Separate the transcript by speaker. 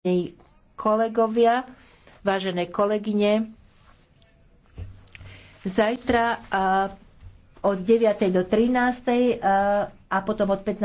Speaker 1: Vážení kolegovia, vážené kolegyne, zajtra eh, od 9. do 13. Eh,
Speaker 2: a potom od 15.